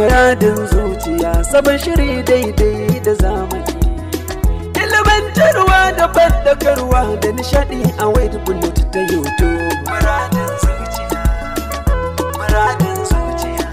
Muradin zuciya sabon shiri daidai da zamani. Ilimantarwa da bandakarwa da nishadi a wayar bullet ta YouTube. Muradin zuciya, muradin zuciya.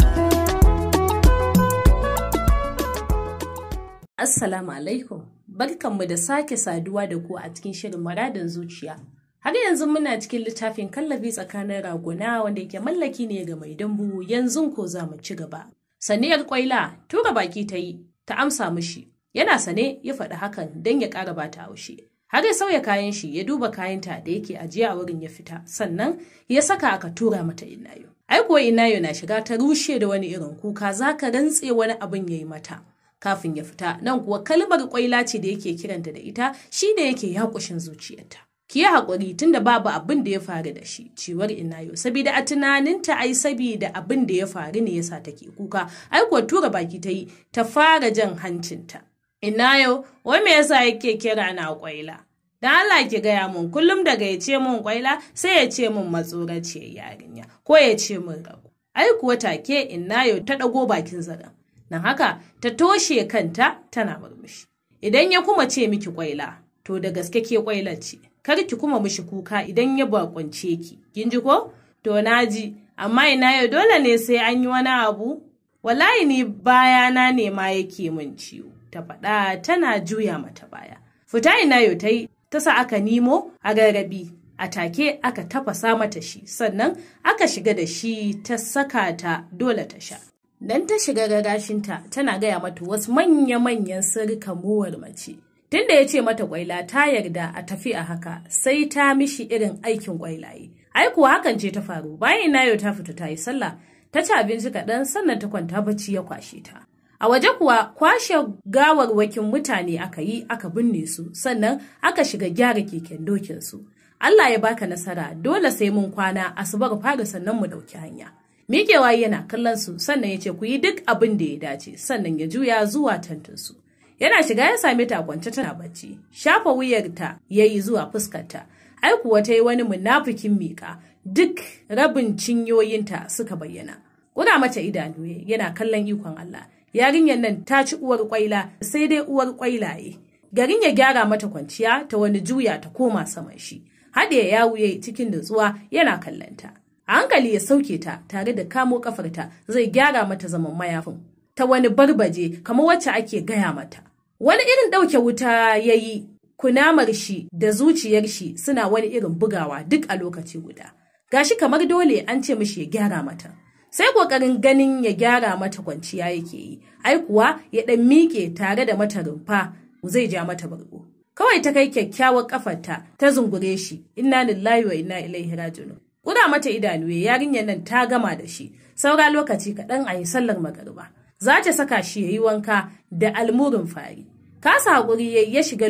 Assalamu alaikum. Barkanmu da sake saduwa da ku a cikin shirin muradin zuciya. Har yanzu muna cikin littafin kallabi tsakanin raguna wanda ke mallaki ne ga mai dambu yanzu ko za mu ci gaba. Sanne kwaila tura baki ta yi, ta amsa mishi. Yana sane ya faɗi hakan don ya ƙara bata haushi. Har ya sauya kayan shi ya duba kayanta da yake ajiye a wurin ya fita, sannan ya saka aka tura mata inayo. Ai kuwa inayo na shiga ta rushe da wani irin kuka za ka rantse wani abin ya yi mata. Kafin ya fita, nan kuwa kalmar kwaila ce da yake kiranta da ita, shi ne yake yakushin zuciyarta. ki yi haƙuri da babu abin da ya faru da shi ciwar inayo saboda a tunaninta ai saboda abin da ya faru ne yasa take kuka ai kuwa tura baki ta yi ta fara jan hancinta inayo wai me yasa yake kira na kwaila dan Allah ki gaya mun kullum daga yace ce mun kwaila sai ya ce mun ya yarinya ko ya ce mun rago ai kuwa take inayo ta dago bakin zaren nan haka ta toshe kanta tana murmushi idan ya kuma ce miki kwaila to da gaske ke ƙwailar ce kar ki kuma mishi kuka idan ya bakwance ki kin ji ko to na ji. amma ina yau dole ne sai an yi wani abu wallahi ni bayana ne ma yake min ciwo ta faɗa tana juya mata baya fita ina yau ta yi ta sa aka nimo a gargabi a take aka tafasa mata shi sannan aka shiga da shi ta saka ta dole ta sha dan ta shiga gagashinta tana gaya mata wasu manya-manyan sirrika muwar mace tun da ya ce mata kwaila ta yarda a tafi a haka sai ta mishi irin aikin kwailaye. Ai kuwa hakan ce ta faru bayan Nayo ta fita ta yi sallah ta ci abinci kaɗan sannan ta kwanta bacci ya kwashe ta. A waje kuwa kwashe gawarwakin mutane aka yi aka binne su sannan aka shiga gyara keken dokin su. Allah ya baka nasara dole sai mun kwana asubar fara sannan mu ɗauki hanya. mikewa yana kallon su sannan ya ce ku yi duk abin da ya dace sannan ya juya zuwa tantinsu. Yana shiga ya same ta kwance tana bacci, shafa wuyarta ya yi zuwa fuskarta. Ai kuwa ta yi wani munafikin miƙa, duk rabin cinyoyinta suka bayyana. Kuna mata idanu yana kallon ikon Allah. Yarinyar nan ta ci uwar kwaila sai dai uwar kwailaye. Garin ya gyara mata kwanciya ta wani juya ta koma saman shi. Haɗe ya wuye cikin nutsuwa yana kallonta. A hankali ya sauke ta tare da kamo kafarta zai gyara mata zaman mayafin. Ta wani barbaje kamar wacce ake gaya mata. Wani irin ɗauke wuta ya yi, kunamar shi da zuciyar shi suna wani irin bugawa duk a lokaci guda. Gashi kamar dole an ce mishi ya gyara mata. Sai ƙoƙarin ganin ya gyara mata kwanciya yake yi, ai kuwa ya ɗan miƙe tare da mata rumfa zai ja mata bargo. Kawai ta kai kyakkyawar ƙafarta ta zungure shi, inna lillahi wa inna ilaihi raji'un. Ƙura mata idanu yarinyar nan ta gama da shi, saura lokaci kaɗan a yi sallar magariba. za ta saka shi ya yi wanka da almurin fari. Kasa haƙuri ya ya shiga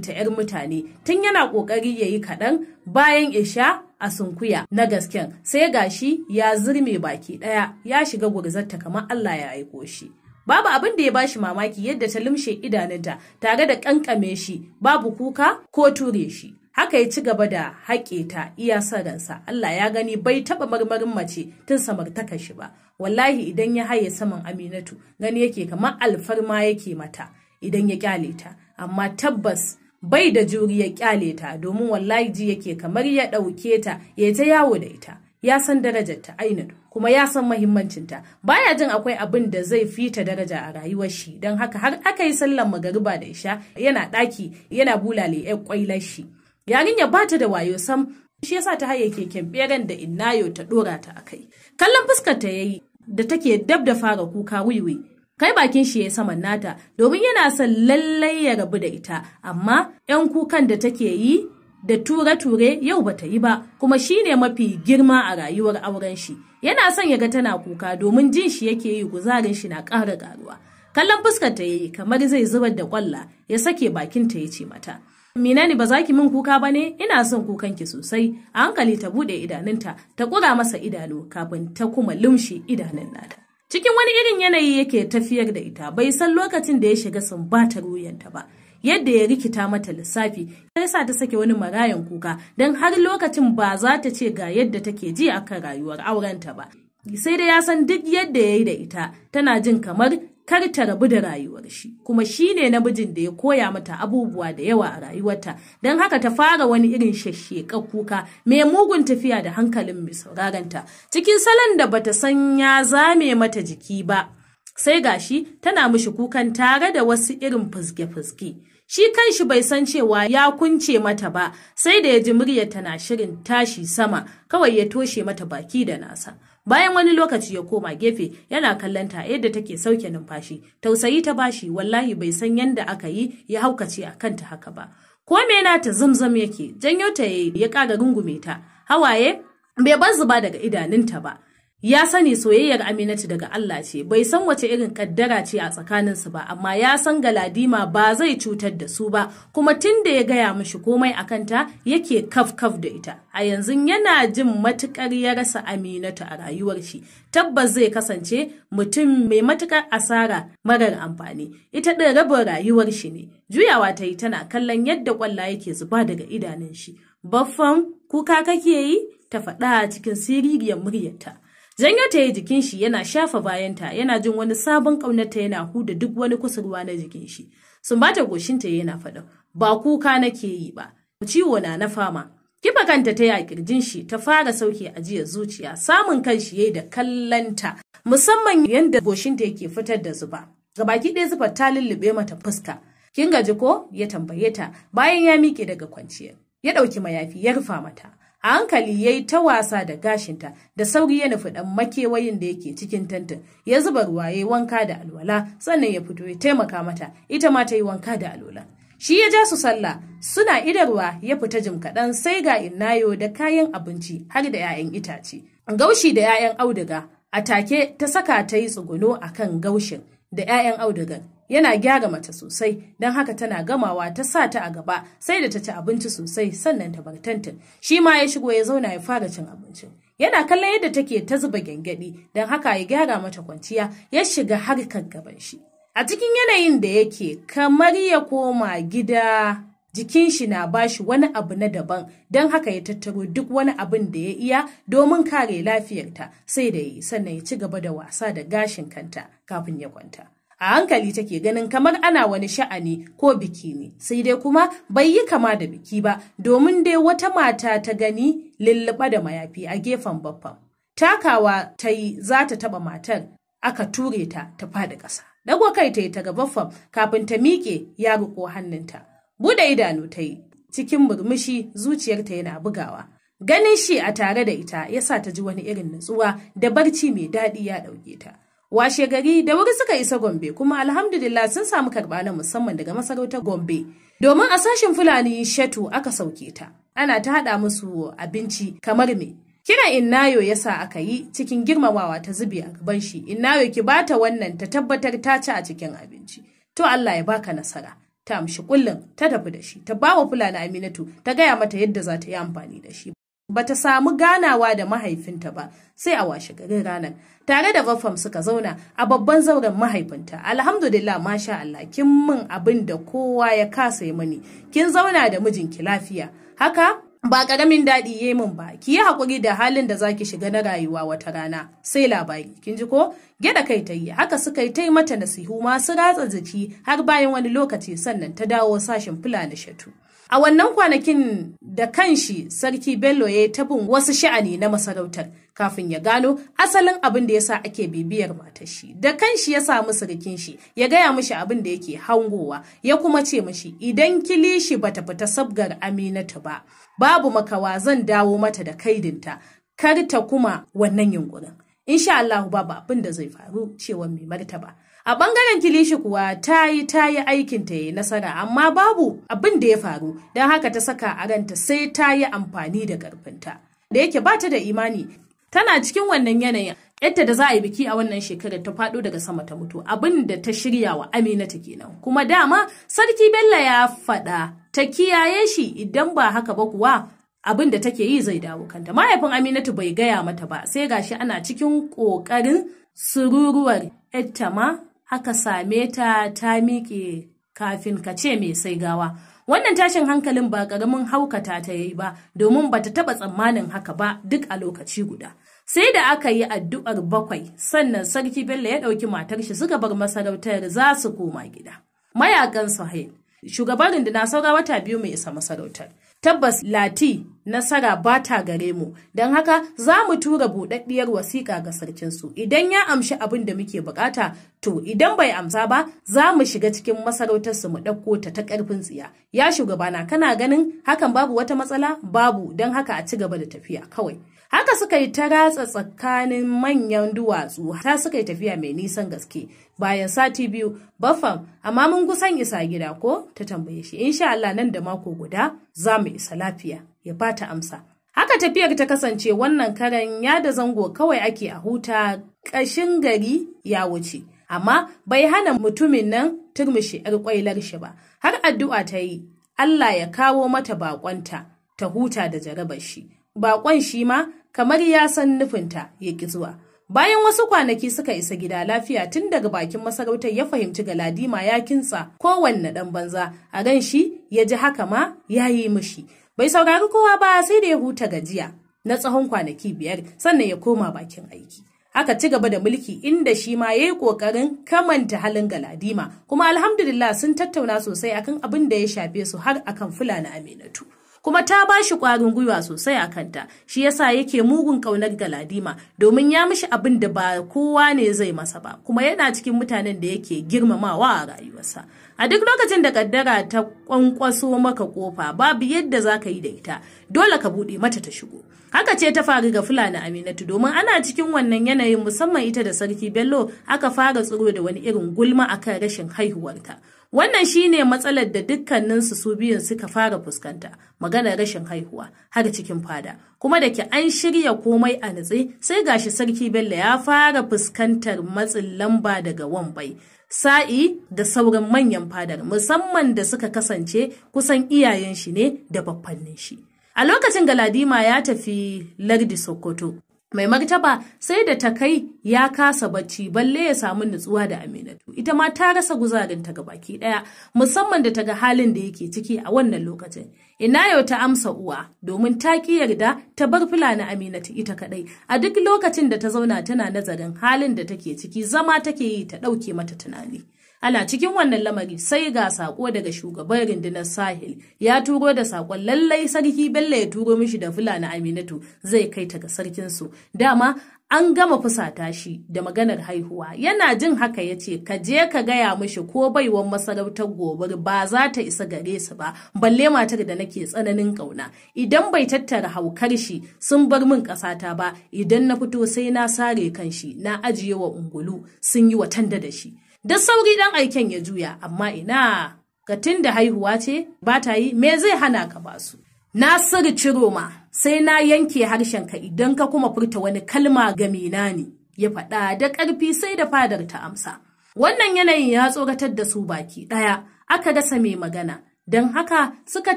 ta 'yar mutane tun yana ƙoƙari ya yi kaɗan bayan isha a sunkuya na gasken sai gashi ya zirme baki ɗaya ya shiga gurzarta kamar Allah ya aiko shi. Babu abin da ya ba shi mamaki yadda ta limshe idanunta tare da ƙanƙame shi babu kuka ko ture shi. haka ya ci gaba da haƙe ta iya ransa Allah ya gani bai taɓa marmarin mace tun samartaka shi ba wallahi idan ya haye saman aminatu gani yake kamar alfarma yake mata idan ya kyale ta amma tabbas bai da juri ya kyale ta domin wallahi ji yake kamar ya ɗauke ta ya ta yawo da ita ya san darajarta ainin kuma ya san mahimmancinta baya jin akwai abin da zai fita daraja a rayuwar shi don haka har aka yi sallan magariba da isha yana ɗaki yana bulale ƴan ƙwailar shi Yarinyar ba ta da wayo sam shi yasa ta haye keken beren da Innayo ta dora ta akai. Kallon fuskar ta yayi da take dab da fara kuka wiwi. Kai bakin shi ya saman nata domin yana son lallai ya rabu da ita amma 'yan kukan da take yi da ture-ture yau ba ta yi ba kuma shi ne mafi girma a rayuwar auren shi yana son ya ga tana kuka domin jin shi yake yi kuzarin shi na ƙara karuwa. kallon fuskar ta yayi kamar zai zubar da kwalla ya sake bakin ta ya ce mata Minani ba za ki min kuka ba ne? Ina son kukan ki sosai. A hankali ta buɗe idanunta, ta ƙura masa idanu kafin ta kuma lumshe idanun nata. Cikin wani irin yanayi yake tafiyar da ita, bai san lokacin da ya shiga sumbatar wuyanta ba. Yadda ya rikita mata lissafi, ya sa ta sake wani marayan kuka, don har lokacin ba za ta ce ga yadda take ji akan rayuwar aurenta ba. Sai da ya san duk yadda ya yi da ita, tana jin kamar kar ta rabu da rayuwar shi kuma shi ne namijin da ya koya mata abubuwa da yawa a rayuwarta don haka ta fara wani irin shashshekar kuka mai mugun tafiya da hankalin mai sauraranta cikin salon da bata san ya zame mata jiki ba sai gashi tana mishi kukan tare da wasu irin fuske-fuske shi kan shi bai san cewa ya kunce mata ba sai da ya ji muryar tana shirin tashi sama kawai ya toshe mata baki da nasa bayan wani lokaci ya koma gefe yana kallon ta yadda take sauke numfashi tausayi ta bashi wallahi bai san yadda aka yi ya haukace a kanta haka ba ko na ta zamzam yake janyo ta ya kaga rungume ta hawaye bai bar zuba daga idanunta ba ya sani soyayyar aminatu daga Allah ce bai san wace irin kaddara ce a tsakaninsu ba amma ya san galadima ba zai cutar da su ba kuma tun da ya gaya mashi komai a kanta yake kaf kaf da ita a yanzu yana jin matukar ya rasa aminatu a rayuwar shi tabbas zai kasance mutum mai matukar asara marar amfani ita ɗin rabin rayuwar shi ne juyawa ta yi tana kallon yadda kwalla yake zuba daga idanun shi baffan kuka kake yi ta faɗa cikin siririyar muryarta Janyo ta yi jikin shi yana shafa bayanta yana jin wani sabon ƙaunarta yana huda duk wani kusurwa na jikin shi. Sumbata goshinta yana faɗa ba kuka nake yi ba, ciwo na na fama. Kifa kanta ta yi a kirjin shi ta fara sauke ajiya zuciya samun kan shi yayi da kallanta musamman yadda goshinta yake fitar da zuba. Gabaki ɗaya zubar ta lullube mata fuska. Kin gaji ko? ya tambaye ta bayan ya miƙe daga kwanciyar. Ya ɗauki mayafi ya rufa mata. a hankali ya yi ta wasa da gashinta da sauri ya nufi ɗan makewayin da yake cikin tantin ya zuba ruwa ya yi wanka da alwala sannan ya fito ya taimaka mata ita ma ta yi wanka da alwala shi ya ja su sallah suna idarwa ya fita jim kaɗan sai ga innayo da kayan abinci har da 'ya'yan itace gaushi da 'ya'yan auduga a take ta saka ta yi tsuguno a kan gaushin da 'ya'yan audugan. Yana gyara mata sosai, don haka tana gamawa ta sa ta a gaba, sai da ta ci abinci sosai sannan ta bar tantan Shi ma ya shigo ya zauna ya fara cin abincin. Yana kallon yadda take ta zuba gyangyaɗi, don haka ya gyara mata kwanciya, ya shiga harkar gaban shi. A cikin yanayin da yake, kamar ya koma gida jikin shi na bashi wani abu na daban don haka ya tattaro duk wani abin da ya iya domin kare lafiyarta sai da yi sannan ya ci gaba da wasa da gashin kanta kafin ya kwanta. A hankali take ganin kamar ana wani sha'ani ko biki ne, sai dai kuma bai yi kama da biki ba domin dai wata mata ta gani lulluɓa da mayafi a gefen baffan. Takawa ta yi za ta taɓa matar aka ture ta ta faɗi ƙasa. dagwa kai ta yi ta ga baffan kafin ta miƙe ya riƙo hannunta. Buɗe idanu ta yi, cikin murmushi zuciyarta yana bugawa. Ganin shi a tare da ita ya sa ta ji wani irin nutsuwa da barci mai daɗi ya ɗauke ta. Washe gari da wuri suka isa Gombe kuma alhamdulillah sun samu karɓa na musamman daga masarautar Gombe. Domin a sashen Fulani Shatu aka sauke ta. Ana ta haɗa musu abinci kamar me. Kira Innayo ya sa aka yi cikin girmamawa ta zube a gaban shi. Innayo ki bata wannan ta tabbatar ta ci a cikin abinci. To Allah ya baka nasara. ta amshi kullum ta tafi da shi ta bawa fulani aminatu ta gaya mata yadda za ta yi amfani da shi bata samu ganawa da mahaifinta ba sai a washe garin ranar tare da bafam suka zauna a babban zauren mahaifinta alhamdulillah masha Allah kin min abin da kowa ya kasa mani kin zauna da mijinki lafiya haka ba karamin daɗi ya yi mun ba ki yi hakuri da halin da zaki shiga na rayuwa wata rana sai labari kin ji ko gyaɗa kai ta yi haka suka yi yi mata nasihu masu ratsa jiki har bayan wani lokaci sannan ta dawo sashen fulani shatu A wannan kwanakin da kanshi Sarki Bello ya yi tabin wasu sha'ani na masarautar kafin ya gano asalin abin da ya sa ake bibiyar matar shi. Da kanshi ya samu sarkin shi ya gaya mishi abin da yake hangowa ya kuma ce mashi idan kilishi bata fita sabgar Aminatu ba babu makawa zan dawo mata da kaidinta kar ta kuma wannan yunkurin. Insha Allah babu abin da zai faru cewa mai martaba. A bangaren kilishi kuwa ta yi ta yi aikin ta yi nasara amma babu abin da ya faru don haka ta saka a ranta sai ta yi amfani da karfinta. Da yake ba ta da imani tana cikin wannan yanayin yadda da za a yi biki a wannan shekarar ta faɗo daga sama ta mutu abin da ta shirya wa Aminata kenan kuma dama sarki Bello ya faɗa ta kiyaye shi idan ba haka ba kuwa abin da take yi zai dawo kanta mahaifin Aminatu bai gaya mata ba sai gashi ana cikin ƙoƙarin sururuwar yatta ma aka same ta ta miƙe kafin ka ce mai sai gawa. Wannan tashin hankalin ba ƙaramin haukata ta yi ba, domin ba ta taɓa tsammanin haka ba duk a lokaci guda. Sai da aka yi addu'ar bakwai, sannan Sarki Bello ya ɗauki matar shi suka bar masarautar za su koma gida. Mayakan Sahel, shugaban na saura wata biyu mai isa masarautar. Tabbas Lati nasara ba ta gare mu don haka za mu tura buɗaɗɗiyar wasiƙa ga sarkin su idan ya amshi abin da muke buƙata to idan bai amsa ba za mu shiga cikin masarautarsu mu ɗauko ta ta ƙarfin tsiya ya shugabana kana ganin hakan babu wata matsala babu don haka a ci gaba da tafiya kawai Haka suka yi ta ratsa tsakanin manyan duwatsu ta suka yi tafiya mai nisan gaske. Bayan sati biyu, bafan, amma mun kusan isa gida ko? Ta tambaye shi, insha Allah nan da mako guda za mu isa lafiya. Ya bata amsa. Haka tafiyar ta kasance wannan karen ya da zango kawai ake a huta ƙashin gari ya wuce. Amma bai hana mutumin nan turmushi 'yar kwailar shi ba. Har addu'a ta yi, Allah ya kawo mata baƙonta ta huta da jarabar shi. bakon shi ma kamar ya san nufinta ya ki zuwa. Bayan wasu kwanaki suka isa gida lafiya tun daga bakin masarautar ya fahimci Galadima ya kintsa kowanne ɗan banza, a ran shi ya ji haka ma ya yi mishi. Bai saurari kowa ba sai da ya huta gajiya na tsawon kwanaki biyar sannan ya koma bakin aiki. Aka ci gaba da mulki inda shi ma ya yi ƙoƙarin kamanta halin Galadima, kuma alhamdulillah sun tattauna sosai akan abin da ya shafe su har akan Fulani Aminatu. kuma ta ba shi ƙwarin gwiwa sosai a kanta shi yasa yake mugun ƙaunar galadima domin ya mishi abin da ba kowa ne zai masa ba kuma yana cikin mutanen da yake girmamawa a rayuwarsa a duk lokacin da kaddara ta kwankwaso maka kofa babu yadda za ka yi da ita dole ka buɗe mata ta shigo haka ce ta faru ga fulani aminatu domin ana cikin wannan yanayin musamman ita da sarki bello aka fara tsoro da wani irin gulma akan rashin haihuwarta wannan shine matsalar da dukkaninsu su biyun suka fara fuskanta maganar rashin haihuwa har cikin fada kuma da ke an shirya komai a nutse sai gashi sarki bello ya fara fuskantar matsin lamba daga wambai sa'i da sauran manyan fadar musamman da suka kasance kusan iyayen shi ne da baffannin shi. A lokacin Galadima ya tafi lardi Sokoto mai martaba sai da ta kai ya kasa bacci balle ya samu nutsuwa da aminatu ita ma ta rasa guzarinta ga baki daya musamman da ta ga halin da yake ciki a wannan lokacin ina yau ta amsa uwa domin ta ki yarda ta bar fulani aminatu ita kadai a duk lokacin da ta zauna tana nazarin halin da take ciki zama take yi ta dauke mata tunani Ana cikin wannan lamari sai ga sako daga shugaban rundunar sahil ya turo da sakon lallai sarki Bello ya turo mishi da Fulani Aminatu zai kai ta ga sarkin su. Dama an gama fusata shi da maganar haihuwa yana jin haka ya ce ka je ka gaya mishi ko baiwan masarautar gobar ba za ta isa gare su ba balle matar da nake tsananin kauna idan bai tattara haukar shi sun bar min kasata ba idan na fito sai na sare kan shi na ajiye wa ungulu sun yi watanda da shi Da sauri dan aiken ya juya, amma ina ga da haihuwa ce ba ta yi me zai hana ka ba su. Na sirri ciro ma sai na yanke harshen ka idan ka kuma furta wani kalma ga mina ne, ya faɗa da ƙarfi sai da fadar ta amsa. Wannan yanayin ya tsoratar da su baki ɗaya, aka rasa mai magana, don haka suka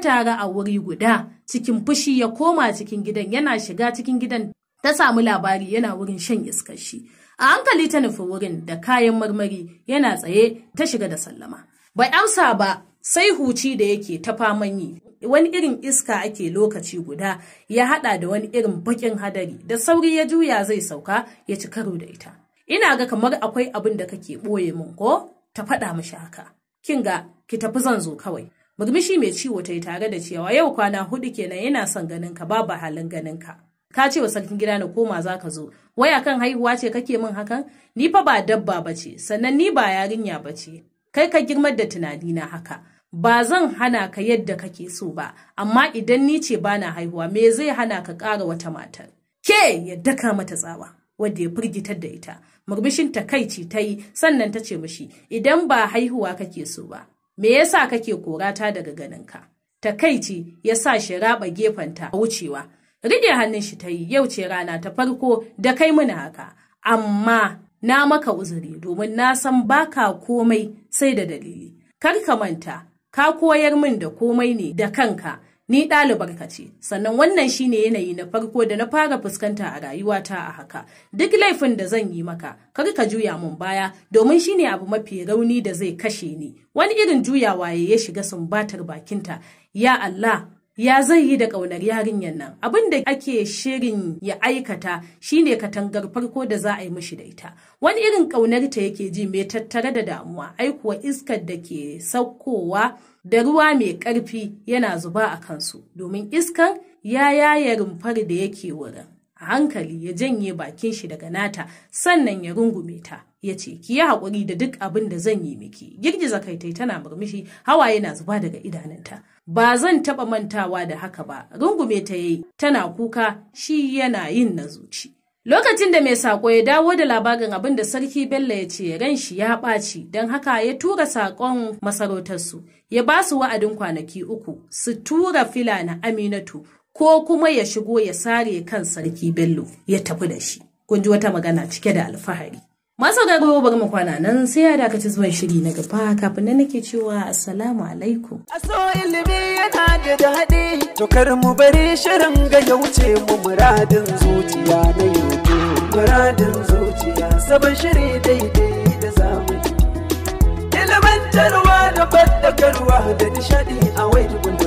tara a wuri guda cikin fushi ya koma cikin gidan yana shiga cikin gidan ta samu labari yana wurin shan iskar shi. A hankali ta nufi wurin da kayan marmari yana tsaye ta shiga da sallama. Bai amsa ba sai huci da yake ta faman yi. Wani irin iska ake lokaci guda ya haɗa da wani irin baƙin hadari da sauri ya juya zai sauka ya ci karo da ita. Ina ga kamar akwai abin da kake ɓoye min ko ta faɗa mishi haka. Kin ga ki tafi zan zo kawai. Murmushi mai ciwo ta yi tare da cewa yau kwana hudu kenan yana son ganin ka babu halin ganin ka. ka ce wa sarkin gida na koma za ka zo waya kan haihuwa ce kake min hakan ni fa ba dabba ba ce sannan ni ba yarinya ba ce kai ka girmar da tunanina haka ba zan hana ka yadda kake so ba amma idan ni ce bana haihuwa me zai hana ka ƙara wata matar ke ya daka mata tsawa wadda ya firgitar da ita murmushin takaici ta yi sannan ta ce mishi idan ba haihuwa kake so ba me yasa kake korata daga ganinka takaici ya sa shi raba gefenta wucewa Rige hannun shi ta yi yau ce rana ta farko da kai muna haka, amma na maka uzuri domin na san baka komai sai da dalili. Kar ka manta, ka koyar min da komai ne da kanka, ni ɗalibarka ce, sannan wannan shine yanayi na farko da na fara fuskanta a rayuwata a haka. Duk laifin da zan yi maka, kar ka juya mun baya domin shine abu mafi rauni da zai kashe ni. Wani irin juyawa ya shiga sumbatar bakinta, ya Allah, ya zai yi da ƙaunar yarinyar nan abin da ake shirin ya aikata shine katangar farko da za a yi mishi da ita wani irin ƙaunar ta yake ji mai tattare da damuwa aikuwa iskar da ke saukowa da ruwa mai ƙarfi yana zuba a kansu domin iskar ya yaya rumfar da yake wurin a hankali ya janye bakin shi daga nata sannan ya rungume ta ya ce ki yi haƙuri da duk abin da zan yi miki girgiza kai tai tana murmushi hawaye na zuba daga idanunta ba zan taɓa mantawa da haka ba rungume ta yi tana kuka shi yana yin na zuci lokacin da mai saƙo ya dawo da labarin abin da sarki bello ya ce ran shi ya ɓaci don haka ya tura saƙon masarautarsu ya ba su wa'adin kwanaki uku su tura fila na aminatu ko kuma ya shigo ya sare kan sarki bello ya tafi da shi kun ji wata magana cike da alfahari Masauraro bari mu kwana nan sai ya dakaci zuwan shiri na gaba kafin nan nake cewa assalamu alaikum. so ilimi yana da daɗi, to kar mu bari shirin ga ya wuce mu muradin zuciya na yanzu. Muradin zuciya sabon shiri daidai da zamani. Ilimantarwa da fadakarwa da nishaɗi a wai